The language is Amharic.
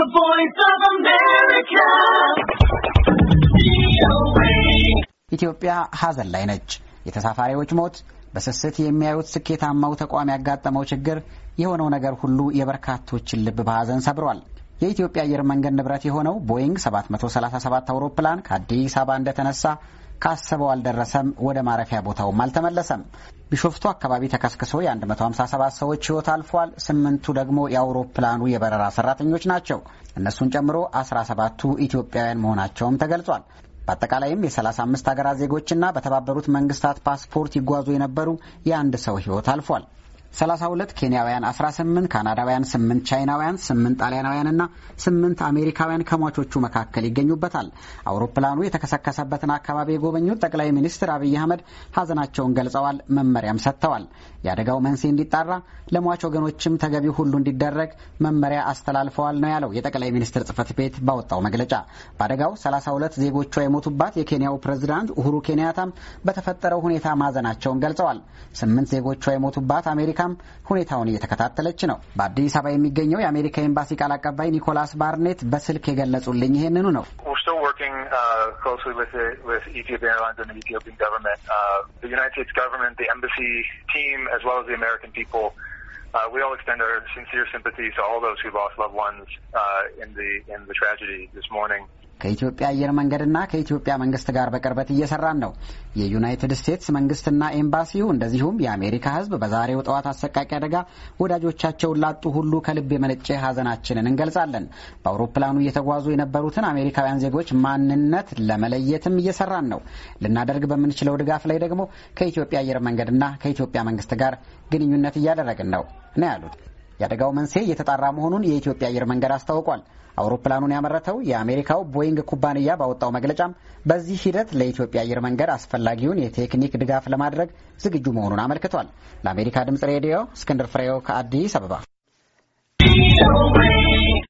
The Voice of America. ኢትዮጵያ ሀዘን ላይ ነች። የተሳፋሪዎች ሞት፣ በስስት የሚያዩት ስኬታማው ተቋም ያጋጠመው ችግር፣ የሆነው ነገር ሁሉ የበርካቶችን ልብ በሀዘን ሰብሯል። የኢትዮጵያ አየር መንገድ ንብረት የሆነው ቦይንግ 737 አውሮፕላን ከአዲስ አበባ እንደተነሳ ካሰበው አልደረሰም፣ ወደ ማረፊያ ቦታውም አልተመለሰም። ቢሾፍቱ አካባቢ ተከስክሶ የ157 ሰዎች ሕይወት አልፏል። ስምንቱ ደግሞ የአውሮፕላኑ የበረራ ሰራተኞች ናቸው። እነሱን ጨምሮ 17ቱ ኢትዮጵያውያን መሆናቸውም ተገልጿል። በአጠቃላይም የ35 ሀገራት ዜጎችና በተባበሩት መንግስታት ፓስፖርት ይጓዙ የነበሩ የአንድ ሰው ሕይወት አልፏል። 32 ኬንያውያን፣ 18 ካናዳውያን፣ 8 ቻይናውያን፣ 8 ጣሊያናውያንና 8 አሜሪካውያን ከሟቾቹ መካከል ይገኙበታል። አውሮፕላኑ የተከሰከሰበትን አካባቢ የጎበኙት ጠቅላይ ሚኒስትር አብይ አህመድ ሀዘናቸውን ገልጸዋል፣ መመሪያም ሰጥተዋል። የአደጋው መንስኤ እንዲጣራ ለሟች ወገኖችም ተገቢው ሁሉ እንዲደረግ መመሪያ አስተላልፈዋል ነው ያለው የጠቅላይ ሚኒስትር ጽህፈት ቤት ባወጣው መግለጫ። በአደጋው 32 ዜጎቿ የሞቱባት የኬንያው ፕሬዝዳንት ኡሁሩ ኬንያታም በተፈጠረው ሁኔታ ማዘናቸውን ገልጸዋል። ስምንት ዜጎቿ የሞቱባት አሜሪካም ሁኔታውን እየተከታተለች ነው። በአዲስ አበባ የሚገኘው የአሜሪካ ኤምባሲ ቃል አቀባይ ኒኮላስ ባርኔት በስልክ የገለጹልኝ ይህንኑ ነው። working uh, closely with the, with Ethiopian Airlines and the Ethiopian government, uh, the United States government, the embassy team, as well as the American people. Uh, we all extend our sincere sympathies to all those who lost loved ones uh, in the in the tragedy this morning. ከኢትዮጵያ አየር መንገድና ከኢትዮጵያ መንግስት ጋር በቅርበት እየሰራን ነው። የዩናይትድ ስቴትስ መንግስትና ኤምባሲው እንደዚሁም የአሜሪካ ሕዝብ በዛሬው ጠዋት አሰቃቂ አደጋ ወዳጆቻቸውን ላጡ ሁሉ ከልብ የመነጨ ሐዘናችንን እንገልጻለን። በአውሮፕላኑ እየተጓዙ የነበሩትን አሜሪካውያን ዜጎች ማንነት ለመለየትም እየሰራን ነው። ልናደርግ በምንችለው ድጋፍ ላይ ደግሞ ከኢትዮጵያ አየር መንገድና ከኢትዮጵያ መንግስት ጋር ግንኙነት እያደረግን ነው ነው ያሉት። የአደጋው መንስኤ እየተጣራ መሆኑን የኢትዮጵያ አየር መንገድ አስታውቋል። አውሮፕላኑን ያመረተው የአሜሪካው ቦይንግ ኩባንያ ባወጣው መግለጫም በዚህ ሂደት ለኢትዮጵያ አየር መንገድ አስፈላጊውን የቴክኒክ ድጋፍ ለማድረግ ዝግጁ መሆኑን አመልክቷል። ለአሜሪካ ድምጽ ሬዲዮ እስክንድር ፍሬው ከአዲስ አበባ